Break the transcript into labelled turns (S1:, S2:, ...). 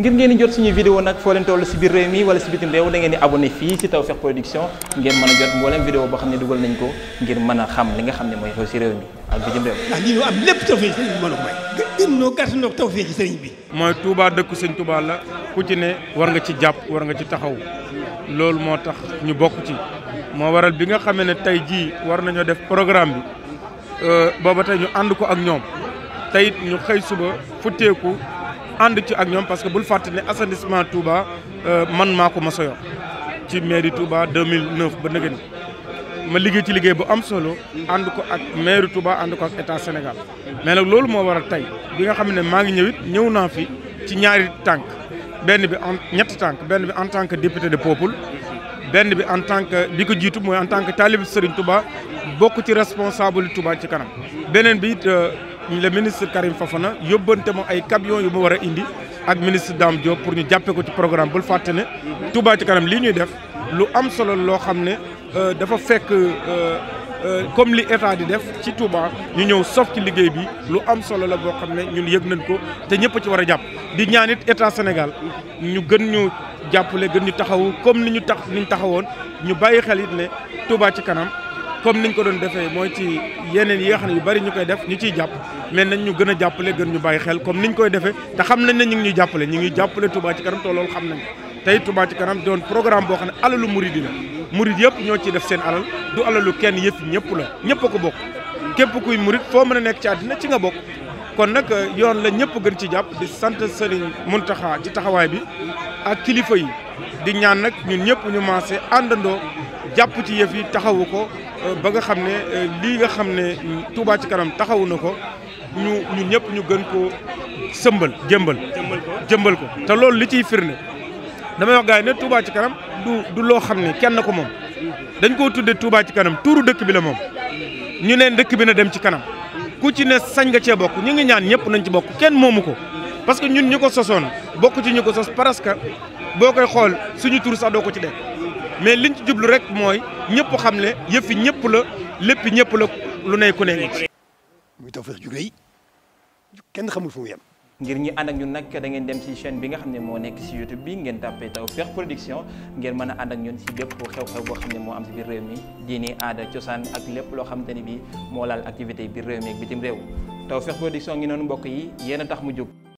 S1: ngir ngeen jot suñu vidéo nag foo leen toll si biir réew mi wala si bitim réew da ngeen di abonné fii si Tawfekh Production ngeen mën a jot mboolem vidéo boo xam ne dugal nañ ko ngir mën a xam li nga xam ne mooy xew si réew mi ak bitim a
S2: may. gën noo dëkku sëñ Touba la ku ci ne war nga ci jàpp war nga ci taxaw loolu moo tax ñu bokk ci moo waral bi nga xamee ne tey jii war nañoo def programme bi euh, booba tey ñu ànd ko ak ñoom tey ñu xëy suba futteeku ànd ci ak ñoom parce que bul fàtte ne assainissement Touba euh, man maa ko mos a yor ci mairie Touba 2009 ba nëgëni ma liggéey ci liggéey bu am solo ànd ko ak mairie Touba ànd ko ak Sénégal mais nag loolu moo waral tey bi nga xam ne maa ngi ñëwit ñëw naa fi ci ñaari tànk benn bi en ñetti tànk benn bi en tant que député de peuple benn bi en tant que bi ko jiitu mooy en tant que taalib Serigne Touba bokk ci responsable Touba ci kanam beneen bi euh, le ministre Karim Fofana yóbbante ma ay camion yu mu war a indi ak ministre Dame Diop pour ñu jàppee ko ci programme bul fàtte ne Touba ci kanam lii ñuy def lu am solo loo xam ne euh, dafa fekk euh, euh, comme li état di def ci Touba ñu ñëw sof ci liggéey bi lu am solo la boo xam ne ñun yëg nañ ko te ñëpp ci war a jàpp di ñaan it état Sénégal ñu gën ñu jàppale gën ñu taxawu comme ni ñu tax ni ñu taxawoon ñu bàyyi xel yit ne Touba ci kanam comme niñ ko doon defee mooy ci yeneen yi nga yu bari ñu koy def ñu ciy jàpp mais nañ ñu gën a jàppale gën ñu bàyyi xel comme niñ koy defee te xam nañ ne ñu ngi ñuy jàppale ñu ngi jàppale Touba ci kanam te loolu xam nañ tey Touba ci kanam doon programme boo xam ne alalu murid la murid yëpp ñoo ciy def seen alal du alalu kenn yëpp ñëpp la ñëpp a ko bokk képp kuy murid foo mën a nekk ci àddina ci nga bokk kon nag yoon la ñëpp gën ci jàpp di sant Serigne Mountakha ci taxawaay bi ak kilifa yi di ñaan nag ñun ñëpp ñu maase àndandoo jàpp ci yëf yi taxawu ko ba nga xam ne euh, lii nga xam ne Touba ci kanam taxawu na ko ñu ñu ñëpp ñu gën ko sëmbal jëmbal. jëmbal ko te loolu li ciy firnde damay wax gars ne Touba ci kanam du du loo xam ne kenn ko moom dañ koo tuddee Touba ci kanam tuuru dëkk bi la moom ñu ne dëkk bi na dem ci kanam ku ci ne sañ nga cee bokk ñu ngi ñaan ñëpp nañ ci bokk kenn moomu ko. parce que ñun ñu ko sosoon bokk ci ñu ko sos parce boo koy xool suñu tur sax doo ko ci def. mais liñ ci jublu rek mooy ñëpp xam ne yëfi ñëpp la lépp ñëpp la lu ne ku ne ngi ci.
S1: muy Tawfekh ju rëy kenn xamul fu mu ngir ñi ànd ak ñun nag da ngeen dem ci chaine bi nga xam ne moo nekk ci YouTube bi ngeen tàppee Tawfekh Production ngeen mën a ànd ak ñun ci bépp xew-xew boo xam ne moo am ci biir réew mi diini aada cosaan ak lépp loo xamante ni bi moo laal activité biir réew mi ak bitim réew Tawfekh Production ngi noonu mbokk yi yéen a tax mu jóg.